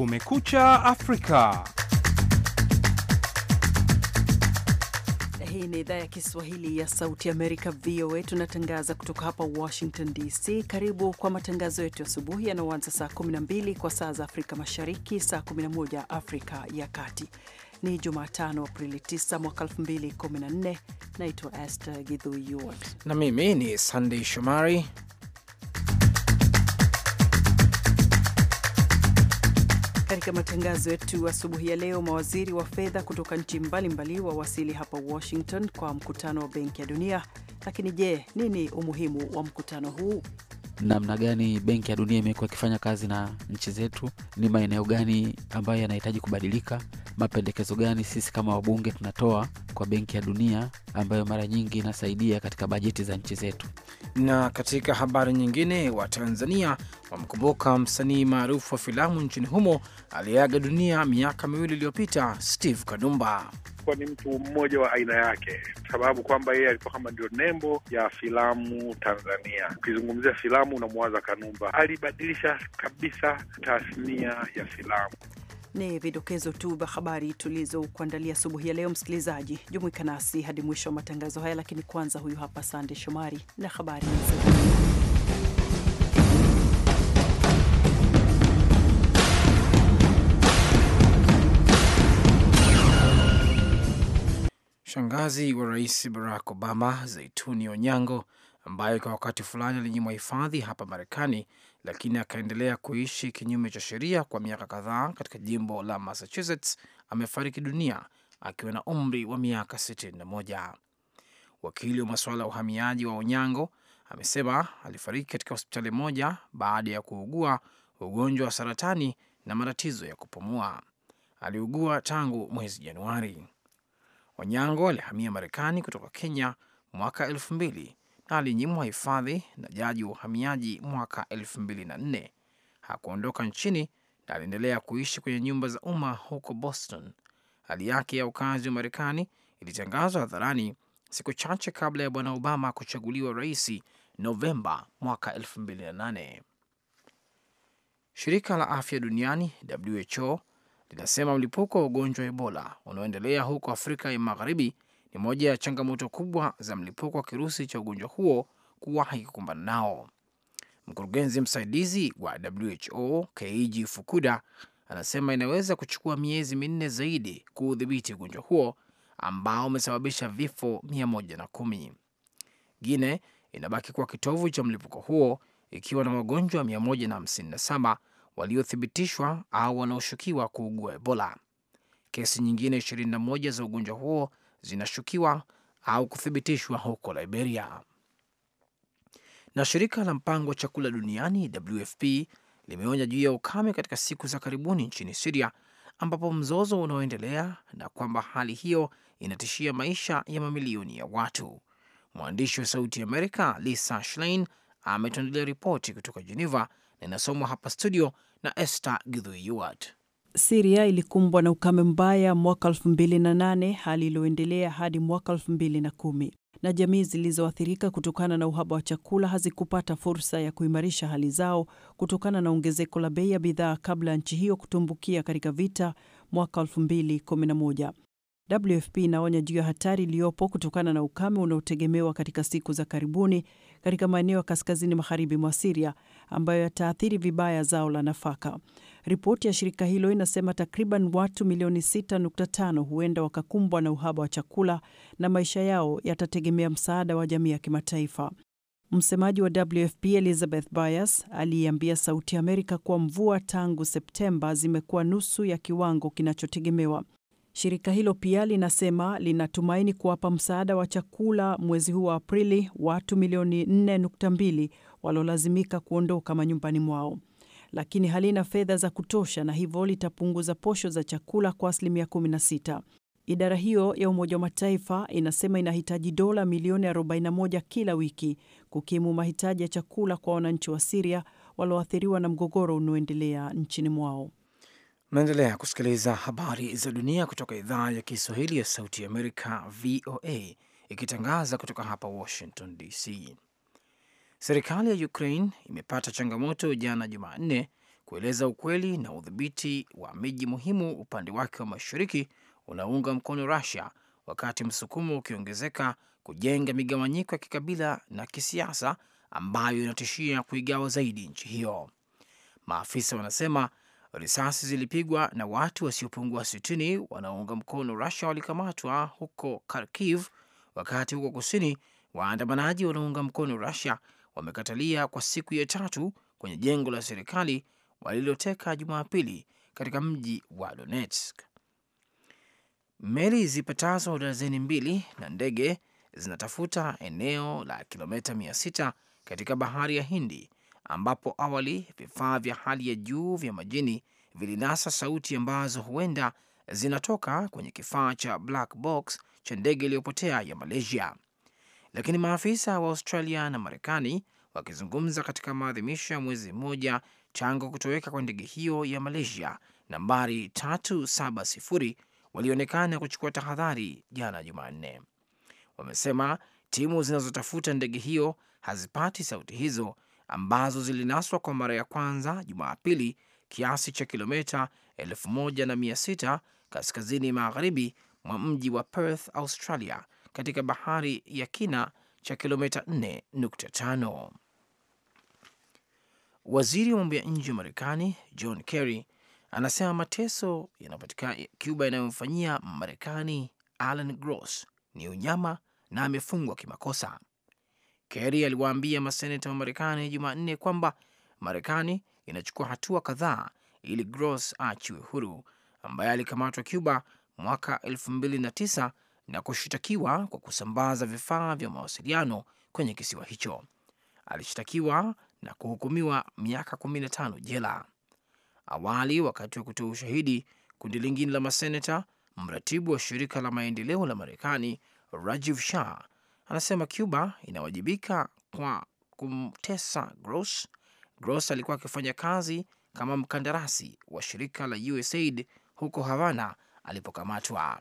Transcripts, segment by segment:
Kumekucha Afrika. Hii ni idhaa ya Kiswahili ya Sauti Amerika, VOA. Tunatangaza kutoka hapa Washington DC. Karibu kwa matangazo yetu asubuhi yanaoanza saa 12 kwa saa za Afrika Mashariki, saa 11 Afrika ya Kati. Ni Jumatano, Aprili 9 mwaka 2014. Naitwa Esther Githu na mimi ni Sandey Shomari Katika matangazo yetu asubuhi ya leo, mawaziri wa fedha kutoka nchi mbalimbali wawasili hapa Washington kwa mkutano wa Benki ya Dunia. Lakini je, nini umuhimu wa mkutano huu? namna gani benki ya dunia imekuwa ikifanya kazi na nchi zetu, ni maeneo gani ambayo yanahitaji kubadilika, mapendekezo gani sisi kama wabunge tunatoa kwa benki ya dunia ambayo mara nyingi inasaidia katika bajeti za nchi zetu. Na katika habari nyingine, wa Tanzania wamkumbuka msanii maarufu wa filamu nchini humo aliyeaga dunia miaka miwili iliyopita, Steve kadumba alikuwa ni mtu mmoja wa aina yake, sababu kwamba yeye alikuwa kama ndio nembo ya filamu Tanzania. Ukizungumzia filamu unamwaza Kanumba, alibadilisha kabisa tasnia ya filamu. Ni vidokezo tu vya habari tulizokuandalia asubuhi ya leo. Msikilizaji, jumuika nasi hadi mwisho wa matangazo haya, lakini kwanza, huyu hapa Sande Shomari na habari Shangazi wa rais Barack Obama, Zaituni Onyango, ambaye kwa wakati fulani alinyimwa hifadhi hapa Marekani, lakini akaendelea kuishi kinyume cha sheria kwa miaka kadhaa katika jimbo la Massachusetts, amefariki dunia akiwa na umri wa miaka 61. Wakili wa masuala ya uhamiaji wa Onyango amesema alifariki katika hospitali moja baada ya kuugua ugonjwa wa saratani na matatizo ya kupumua. Aliugua tangu mwezi Januari. Onyango alihamia Marekani kutoka Kenya mwaka elfu mbili na alinyimwa hifadhi na jaji wa uhamiaji mwaka elfu mbili na nne. Hakuondoka nchini na aliendelea kuishi kwenye nyumba za umma huko Boston. Hali yake ya ukazi wa Marekani ilitangazwa hadharani siku chache kabla ya bwana Obama kuchaguliwa rais Novemba mwaka nane. Shirika la afya duniani WHO linasema mlipuko wa ugonjwa wa Ebola unaoendelea huko Afrika ya Magharibi ni moja ya changamoto kubwa za mlipuko wa kirusi cha ugonjwa huo kuwahi kukumbana nao. Mkurugenzi msaidizi wa WHO Keiji Fukuda anasema inaweza kuchukua miezi minne zaidi kuudhibiti ugonjwa huo ambao umesababisha vifo 11 Guine inabaki kuwa kitovu cha mlipuko huo ikiwa na wagonjwa 157 waliothibitishwa au wanaoshukiwa kuugua Ebola. Kesi nyingine 21 za ugonjwa huo zinashukiwa au kuthibitishwa huko Liberia. Na shirika la mpango wa chakula duniani WFP limeonya juu ya ukame katika siku za karibuni nchini Siria ambapo mzozo unaoendelea na kwamba hali hiyo inatishia maisha ya mamilioni ya watu. Mwandishi wa Sauti ya Amerika Lisa Schlein ametuandalia ripoti kutoka Geneva na inasomwa hapa studio na Esther Githui Siria ilikumbwa na ukame mbaya mwaka 2008 hali iliyoendelea hadi mwaka 2010 na jamii zilizoathirika kutokana na uhaba wa chakula hazikupata fursa ya kuimarisha hali zao kutokana na ongezeko la bei ya bidhaa kabla ya nchi hiyo kutumbukia katika vita mwaka 2011. WFP inaonya juu ya hatari iliyopo kutokana na ukame unaotegemewa katika siku za karibuni katika maeneo ya kaskazini magharibi mwa Siria ambayo yataathiri vibaya zao la nafaka. Ripoti ya shirika hilo inasema takriban watu milioni 6.5 huenda wakakumbwa na uhaba wa chakula na maisha yao yatategemea msaada wa jamii ya kimataifa. Msemaji wa WFP Elizabeth Byers aliiambia Sauti Amerika kuwa mvua tangu Septemba zimekuwa nusu ya kiwango kinachotegemewa. Shirika hilo pia linasema linatumaini kuwapa msaada wa chakula mwezi huu wa Aprili watu milioni 4.2 waliolazimika kuondoka manyumbani mwao, lakini halina fedha za kutosha na hivyo litapunguza posho za chakula kwa asilimia 16. Idara hiyo ya Umoja wa Mataifa inasema inahitaji dola milioni 41 kila wiki kukimu mahitaji ya chakula kwa wananchi wa Siria walioathiriwa na mgogoro unaoendelea nchini mwao. Mnaendelea kusikiliza habari za dunia kutoka idhaa ya Kiswahili ya Sauti ya Amerika, VOA, ikitangaza kutoka hapa Washington DC. Serikali ya Ukraine imepata changamoto jana Jumanne kueleza ukweli na udhibiti wa miji muhimu upande wake wa mashariki unaounga mkono Rusia, wakati msukumo ukiongezeka kujenga migawanyiko ya kikabila na kisiasa ambayo inatishia kuigawa zaidi nchi hiyo. Maafisa wanasema Risasi zilipigwa na watu wasiopungua sitini wanaounga mkono Rusia walikamatwa huko Kharkiv, wakati huko kusini waandamanaji wanaounga mkono Rusia wamekatalia kwa siku ya tatu kwenye jengo la serikali waliloteka Jumapili katika mji wa Donetsk. Meli zipatazo darzeni mbili na ndege zinatafuta eneo la mia sita katika bahari ya Hindi ambapo awali vifaa vya hali ya juu vya majini vilinasa sauti ambazo huenda zinatoka kwenye kifaa cha black box cha ndege iliyopotea ya Malaysia. Lakini maafisa wa Australia na Marekani wakizungumza katika maadhimisho ya mwezi mmoja tangu kutoweka kwa ndege hiyo ya Malaysia nambari 370 walionekana kuchukua tahadhari jana Jumanne. Wamesema timu zinazotafuta ndege hiyo hazipati sauti hizo ambazo zilinaswa kwa mara ya kwanza Jumapili kiasi cha kilomita 1600 kaskazini magharibi mwa mji wa Perth, Australia, katika bahari ya kina cha kilomita 4.5. Waziri wa mambo ya nje wa Marekani John Kerry anasema mateso yanayopatikana Cuba yanayomfanyia Marekani Alan Gross ni unyama na amefungwa kimakosa. Kerry aliwaambia maseneta wa Marekani Jumanne kwamba Marekani inachukua hatua kadhaa ili Gross aachiwe huru, ambaye alikamatwa Cuba mwaka 2009 na kushitakiwa kwa kusambaza vifaa vya mawasiliano kwenye kisiwa hicho. Alishtakiwa na kuhukumiwa miaka 15 jela. Awali, wakati wa kutoa ushahidi, kundi lingine la maseneta, mratibu wa shirika la maendeleo la Marekani Rajiv Shah anasema Cuba inawajibika kwa kumtesa Gross. Gross alikuwa akifanya kazi kama mkandarasi wa shirika la USAID huko Havana alipokamatwa.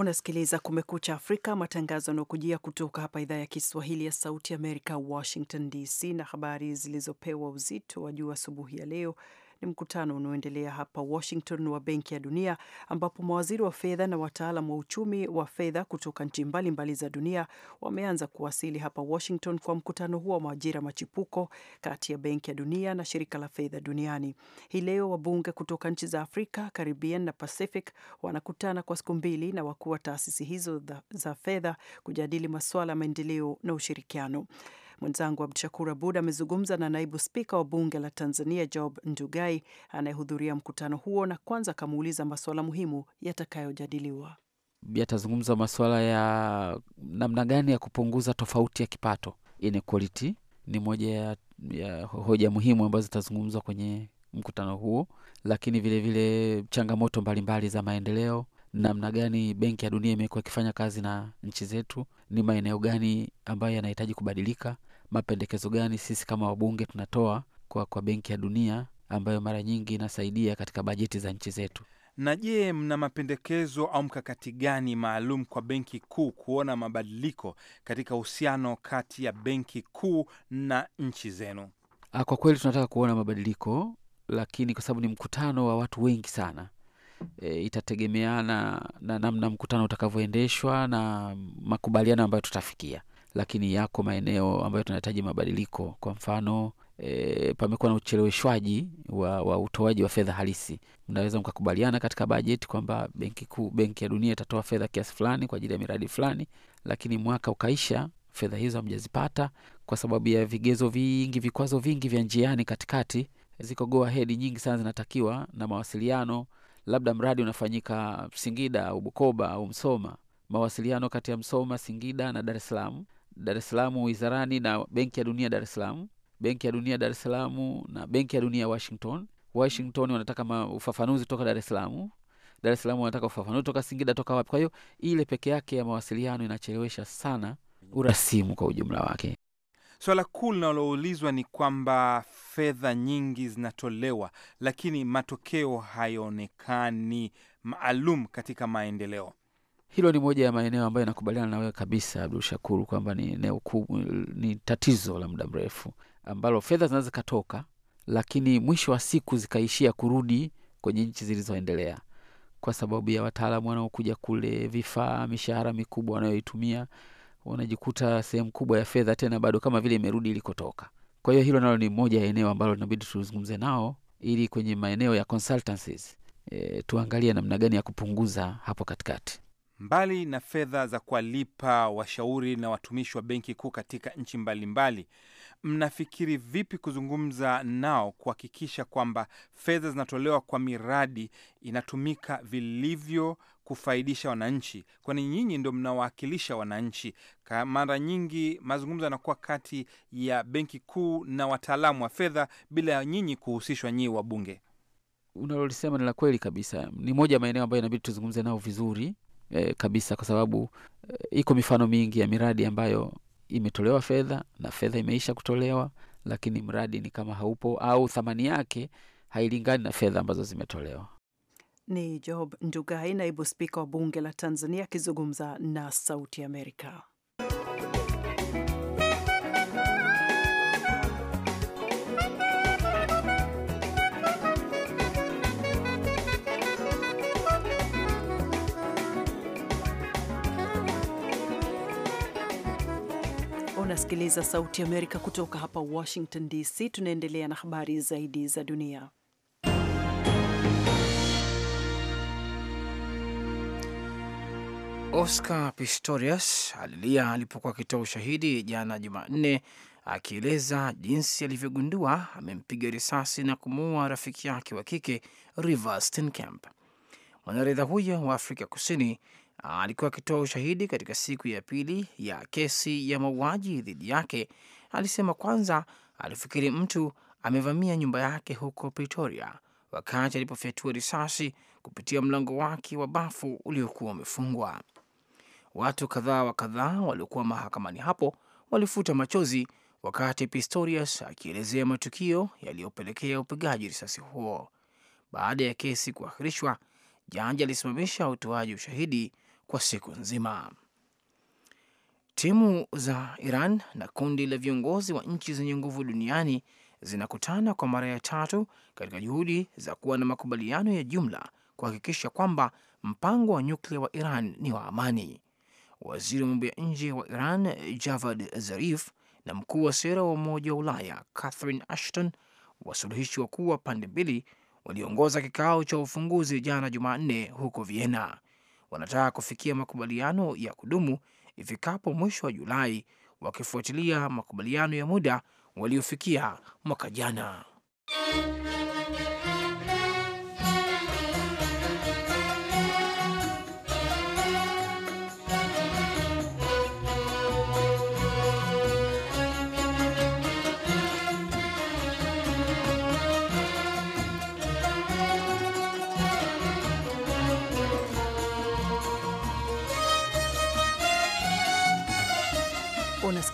Unasikiliza Kumekucha Afrika, matangazo yanaokujia kutoka hapa idhaa ya Kiswahili ya Sauti Amerika, Washington DC. Na habari zilizopewa uzito wa juu asubuhi ya leo ni mkutano unaoendelea hapa Washington wa Benki ya Dunia, ambapo mawaziri wa fedha na wataalam wa uchumi wa fedha kutoka nchi mbalimbali za dunia wameanza kuwasili hapa Washington kwa mkutano huo wa majira machipuko kati ya Benki ya Dunia na Shirika la Fedha Duniani. Hii leo wabunge kutoka nchi za Afrika, Caribbean na Pacific wanakutana kwa siku mbili na wakuu wa taasisi hizo za fedha kujadili masuala ya maendeleo na ushirikiano. Mwenzangu shakur Abud amezungumza na naibu spika wa bunge la Tanzania Job Ndugai anayehudhuria mkutano huo, na kwanza akamuuliza masuala muhimu yatakayojadiliwa. Yatazungumza masuala ya namna gani ya kupunguza tofauti ya kipato, inequality ni moja ya, ya hoja muhimu ambazo zitazungumzwa kwenye mkutano huo, lakini vilevile vile changamoto mbalimbali za maendeleo, namna gani Benki ya Dunia imekuwa ikifanya kazi na nchi zetu, ni maeneo gani ambayo yanahitaji kubadilika, mapendekezo gani sisi kama wabunge tunatoa kwa, kwa Benki ya Dunia ambayo mara nyingi inasaidia katika bajeti za nchi zetu. Na je, mna mapendekezo au mkakati gani maalum kwa benki kuu kuona mabadiliko katika uhusiano kati ya benki kuu na nchi zenu? Ah, kwa kweli tunataka kuona mabadiliko, lakini kwa sababu ni mkutano wa watu wengi sana e, itategemeana na namna mkutano utakavyoendeshwa na makubaliano ambayo tutafikia lakini yako maeneo ambayo tunahitaji mabadiliko. Kwa mfano e, pamekuwa na ucheleweshwaji wa, wa utoaji wa fedha halisi. Mnaweza mkakubaliana katika bajeti kwamba benki kuu, benki ya dunia itatoa fedha kiasi fulani kwa ajili ya miradi fulani, lakini mwaka ukaisha fedha hizo hamjazipata kwa sababu ya vigezo vingi, vikwazo vingi vya njiani katikati. Ziko go nyingi sana zinatakiwa na mawasiliano, labda mradi unafanyika Singida au Bukoba au Msoma, mawasiliano kati ya Msoma, Singida na Dar es Salaam Dar es Salaam wizarani na Benki ya Dunia Dar es Salaam, Benki ya Dunia Dar es Salaam na Benki ya Dunia Washington. Washington wanataka ufafanuzi toka Dar es Salaam, Dar es Salaam wanataka ufafanuzi toka Singida, toka wapi. Kwa hiyo ile peke yake ya mawasiliano inachelewesha sana urasimu kwa ujumla wake. Swala so, kuu linaloulizwa ni kwamba fedha nyingi zinatolewa, lakini matokeo hayaonekani maalum katika maendeleo hilo ni moja ya maeneo ambayo inakubaliana na wewe kabisa Abdul Shakuru kwamba ni eneo kubwa, ni tatizo la muda mrefu ambalo fedha zinaweza zikatoka, lakini mwisho wa siku zikaishia kurudi kwenye nchi zilizoendelea kwa sababu ya wataalamu wanaokuja kule, vifaa, mishahara mikubwa wanayoitumia, wanajikuta sehemu kubwa ya fedha tena bado kama vile imerudi ilikotoka. Kwa hiyo hilo nalo ni moja ya eneo ambalo inabidi tuzungumze nao, ili kwenye maeneo ya consultancies e, tuangalie namna gani ya kupunguza hapo katikati. Mbali na fedha za kuwalipa washauri na watumishi wa benki kuu katika nchi mbalimbali, mnafikiri vipi kuzungumza nao kuhakikisha kwamba fedha zinatolewa kwa miradi inatumika vilivyo kufaidisha wananchi, kwani nyinyi ndio mnawawakilisha wananchi? Mara nyingi mazungumzo yanakuwa kati ya benki kuu na wataalamu wa fedha bila ya nyinyi kuhusishwa, nyinyi wabunge. Unalolisema ni la kweli kabisa, ni moja ya maeneo ambayo inabidi tuzungumze nao vizuri e, kabisa kwa sababu e, iko mifano mingi ya miradi ambayo imetolewa fedha na fedha imeisha kutolewa, lakini mradi ni kama haupo au thamani yake hailingani na fedha ambazo zimetolewa. Ni Job Ndugai, naibu spika wa bunge la Tanzania akizungumza na Sauti Amerika. Unasikiliza Sauti Amerika kutoka hapa Washington DC. Tunaendelea na habari zaidi za dunia. Oscar Pistorius alilia alipokuwa akitoa ushahidi jana Jumanne, akieleza jinsi alivyogundua amempiga risasi na kumuua rafiki yake wa kike Reeva Steenkamp. Mwanariadha huyo wa Afrika Kusini Ah, alikuwa akitoa ushahidi katika siku ya pili ya kesi ya mauaji dhidi yake. Alisema kwanza alifikiri mtu amevamia nyumba yake huko Pretoria wakati alipofyatua risasi kupitia mlango wake wa bafu uliokuwa umefungwa. Watu kadhaa wa kadhaa waliokuwa mahakamani hapo walifuta machozi wakati Pistorius akielezea matukio yaliyopelekea upigaji risasi huo. Baada ya kesi kuahirishwa, jaji alisimamisha utoaji ushahidi kwa siku nzima. Timu za Iran na kundi la viongozi wa nchi zenye nguvu duniani zinakutana kwa mara ya tatu katika juhudi za kuwa na makubaliano ya jumla kuhakikisha kwamba mpango wa nyuklia wa Iran ni wa amani. Waziri wa mambo ya nje wa Iran Javad Zarif na mkuu wa sera wa Umoja wa Ulaya Catherine Ashton, wasuluhishi wakuu wa pande mbili, waliongoza kikao cha ufunguzi jana Jumanne huko Vienna wanataka kufikia makubaliano ya kudumu ifikapo mwisho wa Julai, wakifuatilia makubaliano ya muda waliofikia mwaka jana.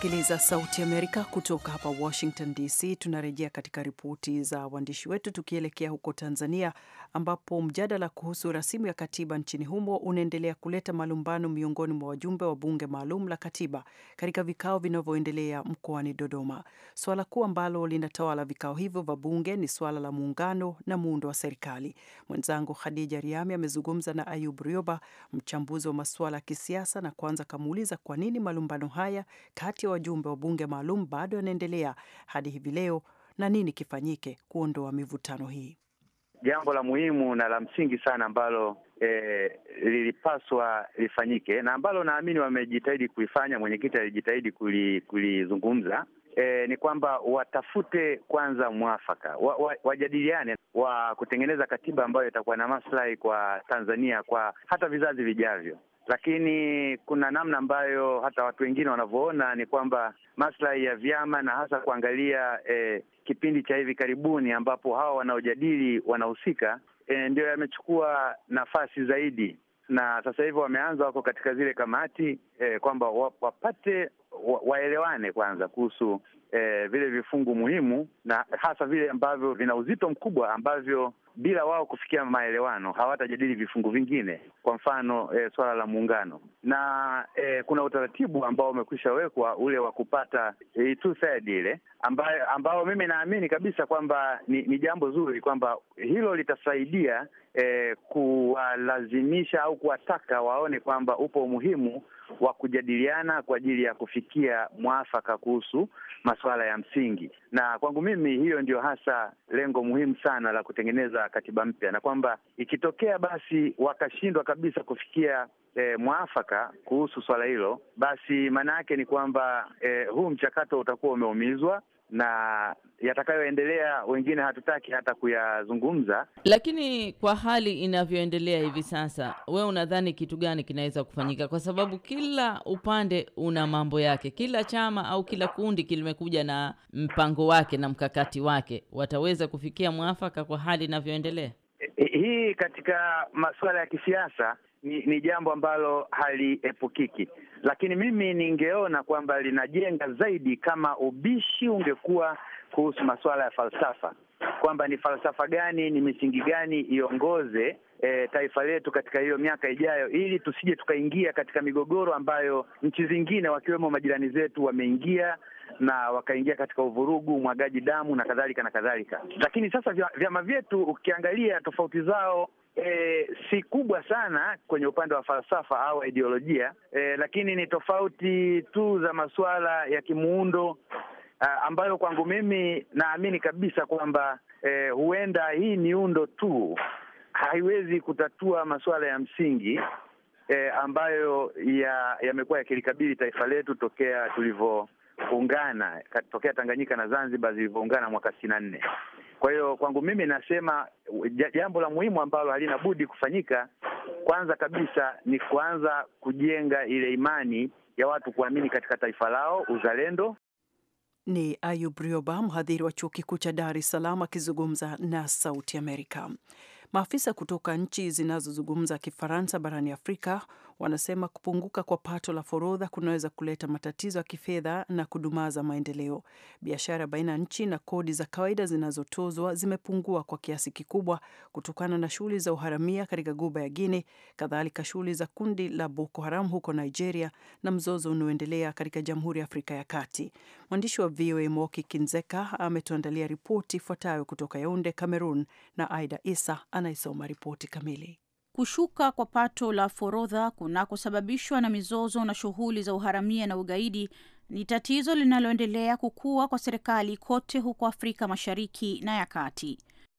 unasikiliza Sauti Amerika kutoka hapa Washington DC. Tunarejea katika ripoti za waandishi wetu tukielekea huko Tanzania, ambapo mjadala kuhusu rasimu ya katiba nchini humo unaendelea kuleta malumbano miongoni mwa wajumbe wa bunge maalum la katiba katika vikao vinavyoendelea mkoani Dodoma. Suala kuu ambalo linatawala vikao hivyo vya bunge ni suala la muungano na muundo wa serikali. Mwenzangu Khadija Riami amezungumza na Ayub Rioba, mchambuzi wa masuala ya kisiasa, na kwanza kamuuliza kwa nini malumbano haya kati ya wajumbe wa bunge maalum bado yanaendelea hadi hivi leo, na nini kifanyike kuondoa mivutano hii? Jambo la muhimu na la msingi sana ambalo eh, lilipaswa lifanyike na ambalo naamini wamejitahidi kulifanya, mwenyekiti alijitahidi kulizungumza eh, ni kwamba watafute kwanza mwafaka wa, wa, wajadiliane wa kutengeneza katiba ambayo itakuwa na maslahi kwa Tanzania kwa hata vizazi vijavyo lakini kuna namna ambayo hata watu wengine wanavyoona ni kwamba maslahi ya vyama na hasa kuangalia eh, kipindi cha hivi karibuni ambapo hawa wanaojadili wanahusika eh, ndio yamechukua nafasi zaidi, na sasa hivi wameanza, wako katika zile kamati eh, kwamba wapate wa, waelewane kwanza kuhusu eh, vile vifungu muhimu na hasa vile ambavyo vina uzito mkubwa ambavyo bila wao kufikia maelewano hawatajadili vifungu vingine, kwa mfano e, swala la muungano na e, kuna utaratibu ambao umekwisha wekwa ule wa kupata e, eh, two third ile ambayo, ambao mimi naamini kabisa kwamba ni, ni jambo zuri kwamba hilo litasaidia e, kuwalazimisha au kuwataka waone kwamba upo umuhimu wa kujadiliana kwa ajili ya kufikia mwafaka kuhusu masuala ya msingi, na kwangu mimi hiyo ndio hasa lengo muhimu sana la kutengeneza katiba mpya, na kwamba ikitokea basi wakashindwa kabisa kufikia E, mwafaka kuhusu swala hilo, basi maana yake ni kwamba e, huu mchakato utakuwa umeumizwa na yatakayoendelea wengine hatutaki hata kuyazungumza. Lakini kwa hali inavyoendelea hivi sasa, we unadhani kitu gani kinaweza kufanyika? Kwa sababu kila upande una mambo yake, kila chama au kila kundi kilimekuja na mpango wake na mkakati wake. Wataweza kufikia mwafaka kwa hali inavyoendelea? Eh, hii katika masuala ya kisiasa ni, ni jambo ambalo haliepukiki lakini mimi ningeona kwamba linajenga zaidi kama ubishi ungekuwa kuhusu masuala ya falsafa, kwamba ni falsafa gani, ni misingi gani iongoze e, taifa letu katika hiyo miaka ijayo, ili tusije tukaingia katika migogoro ambayo nchi zingine wakiwemo majirani zetu wameingia na wakaingia katika uvurugu, umwagaji damu na kadhalika na kadhalika. Lakini sasa vyama vyetu ukiangalia tofauti zao e, si kubwa sana kwenye upande wa falsafa au ideolojia e, lakini ni tofauti tu za masuala ya kimuundo a, eh, ambayo kwangu mimi naamini kabisa kwamba e, huenda hii miundo tu haiwezi kutatua masuala ya msingi e, ambayo yamekuwa ya yakilikabili taifa letu tokea tulivyo ungana katokea Tanganyika na Zanzibar zilivyoungana mwaka sitini na nne. Kwa hiyo kwangu mimi nasema jambo la muhimu ambalo halina budi kufanyika, kwanza kabisa ni kuanza kujenga ile imani ya watu kuamini katika taifa lao, uzalendo. Ni Ayub Rioba, mhadhiri wa chuo kikuu cha Dar es Salaam, akizungumza na Sauti Amerika. Maafisa kutoka nchi zinazozungumza Kifaransa barani Afrika wanasema kupunguka kwa pato la forodha kunaweza kuleta matatizo ya kifedha na kudumaza maendeleo. Biashara baina ya nchi na kodi za kawaida zinazotozwa zimepungua kwa kiasi kikubwa kutokana na shughuli za uharamia katika guba ya Guine, kadhalika shughuli za kundi la Boko Haram huko Nigeria na mzozo unaoendelea katika Jamhuri ya Afrika ya Kati. Mwandishi wa VOA Moki Kinzeka ametuandalia ripoti ifuatayo kutoka Yaunde, Cameroon, na Aida Isa anayesoma ripoti kamili. Kushuka kwa pato la forodha kunakosababishwa na mizozo na shughuli za uharamia na ugaidi ni tatizo linaloendelea kukua kwa serikali kote huko Afrika Mashariki na ya Kati.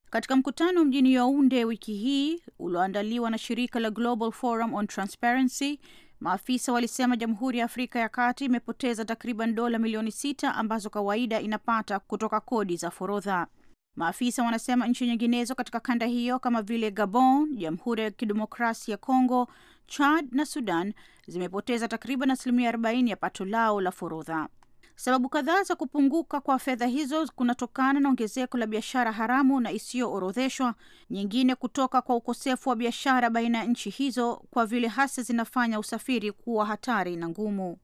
Katika mkutano mjini Yaounde wiki hii ulioandaliwa na shirika la Global Forum on Transparency, maafisa walisema Jamhuri ya Afrika ya Kati imepoteza takriban dola milioni sita ambazo kawaida inapata kutoka kodi za forodha. Maafisa wanasema nchi nyinginezo katika kanda hiyo kama vile Gabon, Jamhuri ya Kidemokrasia ya Kongo, Chad na Sudan zimepoteza takriban asilimia 40 ya pato lao la forodha. Sababu kadhaa za kupunguka kwa fedha hizo kunatokana na ongezeko la biashara haramu na isiyoorodheshwa, nyingine kutoka kwa ukosefu wa biashara baina ya nchi hizo, kwa vile hasa zinafanya usafiri kuwa hatari na ngumu.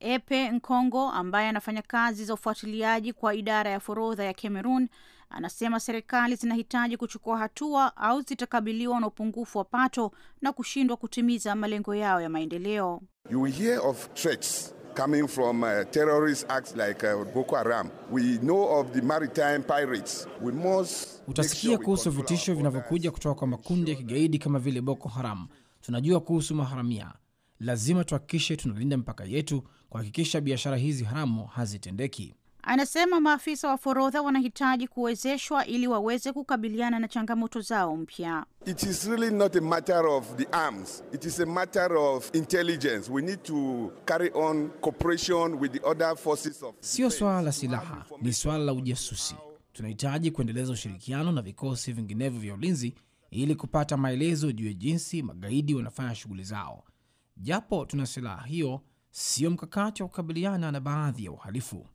Epe Nkongo ambaye anafanya kazi za ufuatiliaji kwa idara ya forodha ya Cameroon Anasema serikali zinahitaji kuchukua hatua au zitakabiliwa na upungufu wa pato na kushindwa kutimiza malengo yao ya maendeleo. You will hear of threats coming from uh, terrorist acts like uh, Boko Haram. We know of the maritime pirates. We must Utasikia kuhusu vitisho vinavyokuja kutoka kwa makundi ya kigaidi kama vile Boko Haram. Tunajua kuhusu maharamia. Lazima tuhakikishe tunalinda mipaka yetu kuhakikisha biashara hizi haramu hazitendeki. Anasema maafisa wa forodha wanahitaji kuwezeshwa ili waweze kukabiliana na changamoto zao mpya. It is really not a matter of the arms. It is a matter of intelligence. We need to carry on cooperation with the other forces of. Sio swala la silaha, ni swala la ujasusi. Tunahitaji kuendeleza ushirikiano na vikosi vinginevyo vya ulinzi ili kupata maelezo juu ya jinsi magaidi wanafanya shughuli zao. Japo tuna silaha hiyo, sio mkakati wa kukabiliana na baadhi ya uhalifu.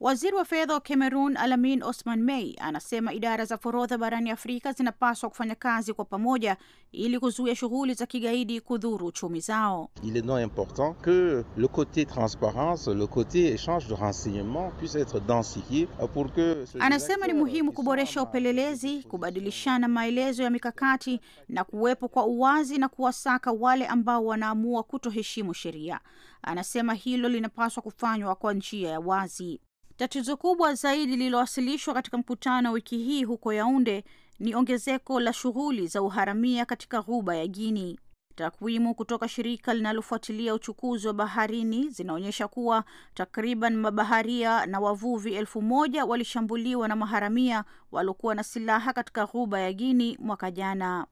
Waziri wa fedha wa Cameroon Alamin Osman Mey anasema idara za forodha barani Afrika zinapaswa kufanya kazi kwa pamoja ili kuzuia shughuli za kigaidi kudhuru uchumi zao. Il est non important que le côté transparence, le côté échange de renseignements puisse être densifié pour que... Anasema ni muhimu kuboresha upelelezi, kubadilishana maelezo ya mikakati na kuwepo kwa uwazi na kuwasaka wale ambao wanaamua kutoheshimu sheria. Anasema hilo linapaswa kufanywa kwa njia ya wazi. Tatizo kubwa zaidi lililowasilishwa katika mkutano wiki hii huko Yaunde ni ongezeko la shughuli za uharamia katika ghuba ya Guini. Takwimu kutoka shirika linalofuatilia uchukuzi wa baharini zinaonyesha kuwa takriban mabaharia na wavuvi elfu moja walishambuliwa na maharamia waliokuwa na silaha katika ghuba ya Guini mwaka jana.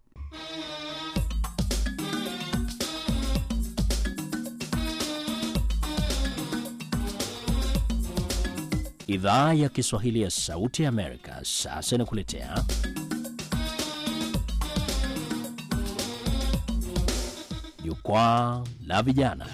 Idhaa ya Kiswahili ya Sauti ya Amerika sasa inakuletea Jukwaa la Vijana.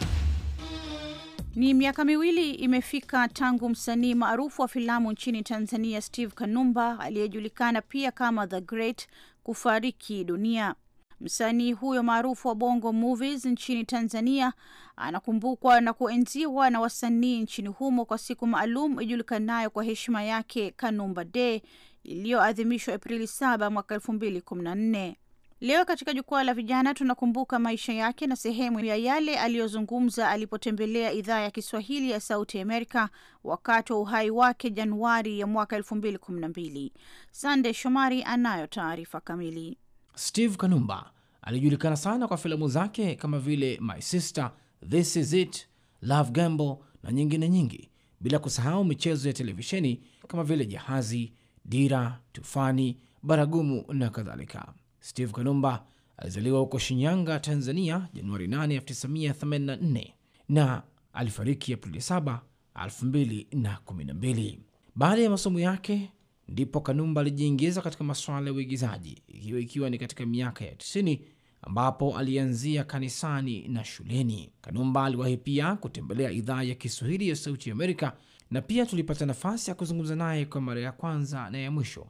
Ni miaka miwili imefika tangu msanii maarufu wa filamu nchini Tanzania Steve Kanumba aliyejulikana pia kama The Great kufariki dunia. Msanii huyo maarufu wa Bongo Movies nchini Tanzania anakumbukwa na kuenziwa na wasanii nchini humo kwa siku maalum ijulikanayo kwa heshima yake, Kanumba Day, iliyoadhimishwa Aprili 7 mwaka 2014. Leo katika jukwaa la vijana tunakumbuka maisha yake na sehemu ya yale aliyozungumza alipotembelea idhaa ya Kiswahili ya Sauti Amerika wakati wa uhai wake Januari ya mwaka elfu kumi na mbili. Sande Shomari anayo taarifa kamili. Steve Kanumba alijulikana sana kwa filamu zake kama vile My Sister, This Is It, Love Gamble na nyingine nyingi, bila kusahau michezo ya televisheni kama vile Jahazi, Dira, Tufani, Baragumu na kadhalika. Steve Kanumba alizaliwa huko Shinyanga, Tanzania, Januari 8, 1984 na alifariki Aprili 7, 2012. Baada ya masomo yake ndipo Kanumba alijiingiza katika masuala ya uigizaji, hiyo ikiwa ni katika miaka ya 90 ambapo alianzia kanisani na shuleni. Kanumba aliwahi pia kutembelea idhaa ya Kiswahili ya Sauti ya Amerika, na pia tulipata nafasi ya kuzungumza naye kwa mara ya kwanza na ya mwisho.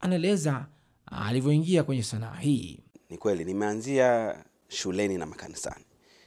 Anaeleza alivyoingia kwenye sanaa hii. Ni kweli nimeanzia shuleni na makanisani.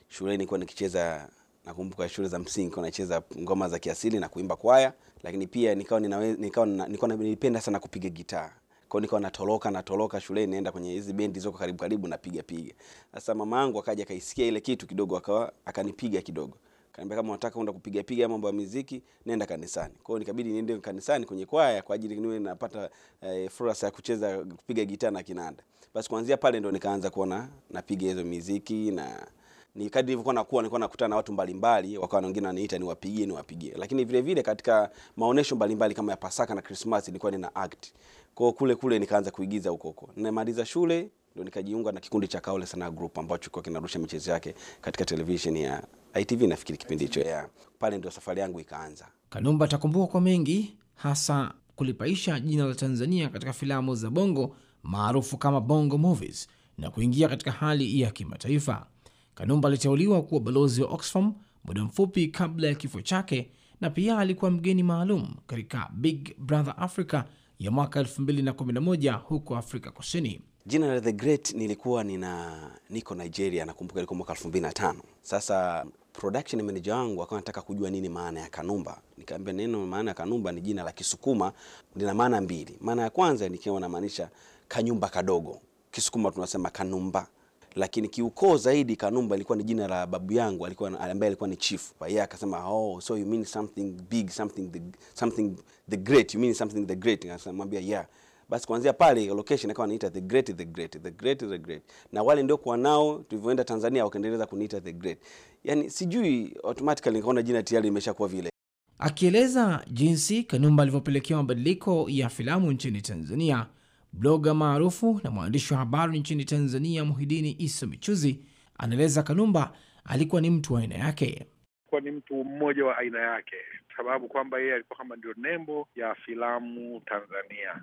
Shuleni nilikuwa nikicheza nakumbuka shule za msingi nacheza ngoma za kiasili na kuimba kwaya, lakini pia nikawa ninawe, nikawa nilikuwa nilipenda sana kupiga gitaa kwa nikawa natoroka natoroka shule nienda kwenye hizi bendi zoko karibu karibu napiga piga. Sasa mamangu akaja akaisikia ile kitu kidogo, akawa akanipiga kidogo, kaniambia kama unataka kwenda kupiga piga mambo ya muziki nenda kanisani. Kwa hiyo nikabidi niende kanisani kwenye kwaya kwa ajili niwe napata e, fursa ya kucheza kupiga gitaa na kinanda. Basi kuanzia pale ndo nikaanza kuona napiga hizo muziki na ni kadri nilivyokuwa nakuwa nilikuwa nakutana na watu mbalimbali, wakawa wengine wananiita niwapigie niwapigie, lakini vile vile katika maonesho mbalimbali kama ya Pasaka na Christmas nilikuwa nina act kwa kule kule, nikaanza kuigiza huko huko. Nimemaliza shule ndio nikajiunga na kikundi cha Kaole sana Group ambacho kwa kinarusha michezo yake katika television ya ITV nafikiri kipindi hicho ya Pale ndio safari yangu ikaanza. Kanumba atakumbuka kwa mengi, hasa kulipaisha jina la Tanzania katika filamu za Bongo maarufu kama Bongo Movies na kuingia katika hali ya kimataifa. Kanumba aliteuliwa kuwa balozi wa Oxfam muda mfupi kabla ya kifo chake na pia alikuwa mgeni maalum katika Big Brother Africa ya mwaka 2011 huko Afrika Kusini. Jina la The Great nilikuwa nina niko Nigeria, nakumbuka ilikuwa mwaka 2005. Sasa production manager wangu akawa anataka kujua nini maana ya Kanumba. Nikaambia neno maana ya Kanumba ni jina la Kisukuma, lina maana mbili. Maana ya kwanza nikiwa namaanisha kanyumba kadogo, Kisukuma tunasema kanumba lakini kiukoo zaidi Kanumba ilikuwa ni jina la babu yangu ambaye alikuwa ni chief. Kwa hiyo akasema oh, so you mean something big, something the, something the great, you mean something the great. Nikamwambia yeah. Basi kuanzia pale location akawa aniita the great, the great, the great, the great, na wale ndio kwa nao tulivyoenda Tanzania wakaendeleza kuniita the great. Yani sijui automatically nikaona jina tayari limeshakuwa vile. Akieleza jinsi Kanumba alivyopelekewa mabadiliko ya filamu nchini Tanzania Bloga maarufu na mwandishi wa habari nchini Tanzania, Muhidini Isa Michuzi anaeleza Kanumba alikuwa ni mtu wa aina yake kuwa ni mtu mmoja wa aina yake, sababu kwamba yeye alikuwa kama ndio nembo ya filamu Tanzania.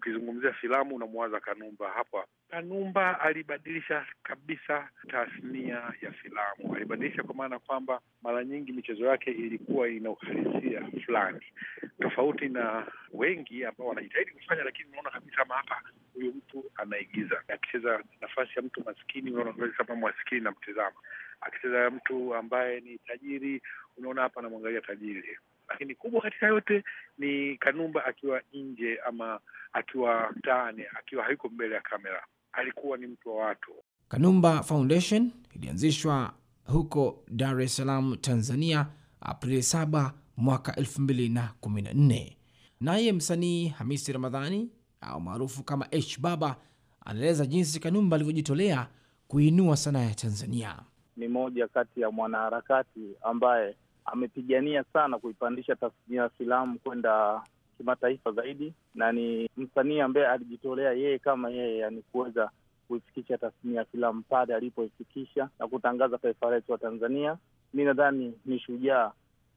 Ukizungumzia filamu unamwaza Kanumba hapa. Kanumba alibadilisha kabisa tasnia ya filamu, alibadilisha kwa maana kwamba mara nyingi michezo yake ilikuwa ina uhalisia fulani tofauti na wengi ambao wanajitahidi kufanya, lakini unaona kabisa hapa huyu mtu anaigiza, akicheza nafasi ya mtu maskini, unaona kabisa kama maskini namtizama, akicheza mtu ambaye ni tajiri, unaona hapa anamwangalia tajiri lakini kubwa katika yote ni Kanumba akiwa nje ama akiwa mtaani, akiwa hayuko mbele ya kamera, alikuwa ni mtu wa watu. Kanumba Foundation ilianzishwa huko Dar es Salaam, Tanzania, Aprili 7 mwaka 2014. Naye msanii Hamisi Ramadhani au maarufu kama H Baba anaeleza jinsi Kanumba alivyojitolea kuinua sanaa ya Tanzania. Ni moja kati ya mwanaharakati ambaye amepigania sana kuipandisha tasnia ya filamu kwenda kimataifa zaidi, na ni msanii ambaye alijitolea yeye kama yeye, yani kuweza kuifikisha tasnia ya filamu pale alipoifikisha na kutangaza taifa letu wa Tanzania. Mi nadhani ni shujaa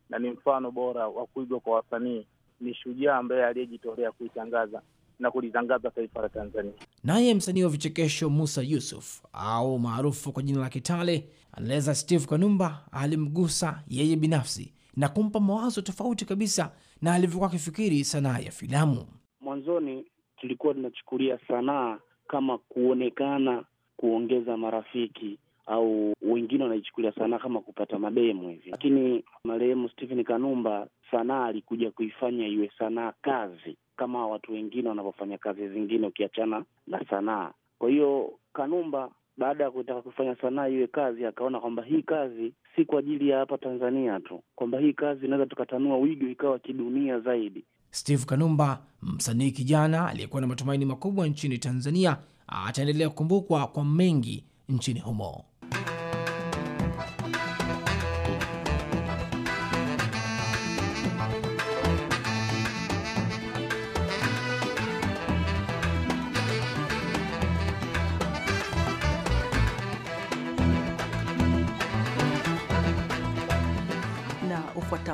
na ni mfano bora wa kuigwa kwa wasanii. Ni shujaa ambaye aliyejitolea kuitangaza na kulitangaza taifa la Tanzania. Naye msanii wa vichekesho Musa Yusuf au maarufu kwa jina la Kitale anaeleza Steve Kanumba alimgusa yeye binafsi na kumpa mawazo tofauti kabisa na alivyokuwa akifikiri sanaa ya filamu. Mwanzoni tulikuwa tunachukulia sanaa kama kuonekana, kuongeza marafiki au wengine wanaichukulia sanaa kama kupata mademu hivi, lakini marehemu Stephen Kanumba sanaa alikuja kuifanya iwe sanaa kazi kama watu wengine wanavyofanya kazi zingine, ukiachana na sanaa. Kwa hiyo Kanumba baada ya kutaka kufanya sanaa iwe kazi, akaona kwamba hii kazi si kwa ajili ya hapa Tanzania tu, kwamba hii kazi inaweza tukatanua wigo ikawa kidunia zaidi. Steve Kanumba, msanii kijana aliyekuwa na matumaini makubwa nchini Tanzania, ataendelea kukumbukwa kwa mengi nchini humo.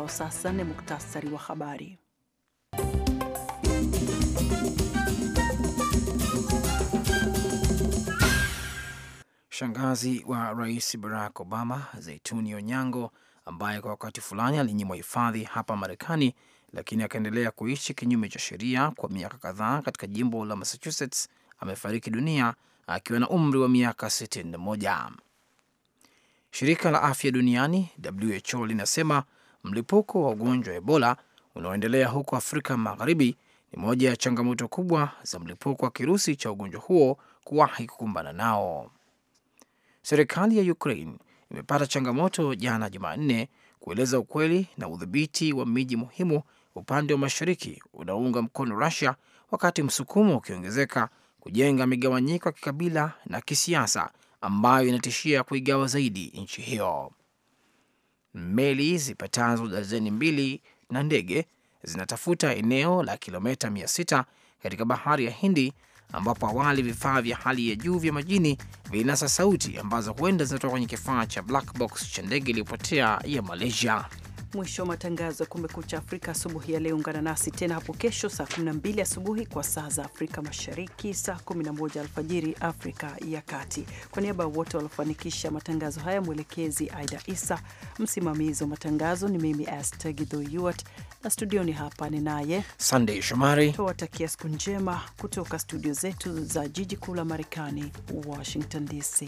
sasa ni muktasari wa habari. Shangazi wa rais Barack Obama, Zeituni Onyango, ambaye kwa wakati fulani alinyimwa hifadhi hapa Marekani, lakini akaendelea kuishi kinyume cha sheria kwa miaka kadhaa katika jimbo la Massachusetts, amefariki dunia akiwa na umri wa miaka 61. Shirika la afya duniani WHO linasema mlipuko wa ugonjwa wa Ebola unaoendelea huko Afrika Magharibi ni moja ya changamoto kubwa za mlipuko wa kirusi cha ugonjwa huo kuwahi kukumbana nao. Serikali ya Ukraine imepata changamoto jana Jumanne kueleza ukweli na udhibiti wa miji muhimu upande wa mashariki unaounga mkono Rusia, wakati msukumo ukiongezeka kujenga migawanyiko ya kikabila na kisiasa ambayo inatishia kuigawa zaidi nchi hiyo. Meli zipatazo dazeni mbili na ndege zinatafuta eneo la kilomita 600 katika bahari ya Hindi ambapo awali vifaa vya hali ya juu vya majini vilinasa sauti ambazo huenda zinatoka kwenye kifaa cha black box cha ndege iliyopotea ya Malaysia. Mwisho wa matangazo ya Kumekucha Afrika asubuhi ya leo. Ungana nasi tena hapo kesho saa 12 asubuhi kwa saa za Afrika Mashariki, saa 11 alfajiri Afrika ya Kati. Kwa niaba ya wote waliofanikisha matangazo haya, mwelekezi Aida Isa, msimamizi wa matangazo ni mimi Astegidho Yuat, na studioni hapa ni naye Sandey Shomari. Tuwatakia siku njema kutoka studio zetu za jiji kuu la Marekani, Washington DC.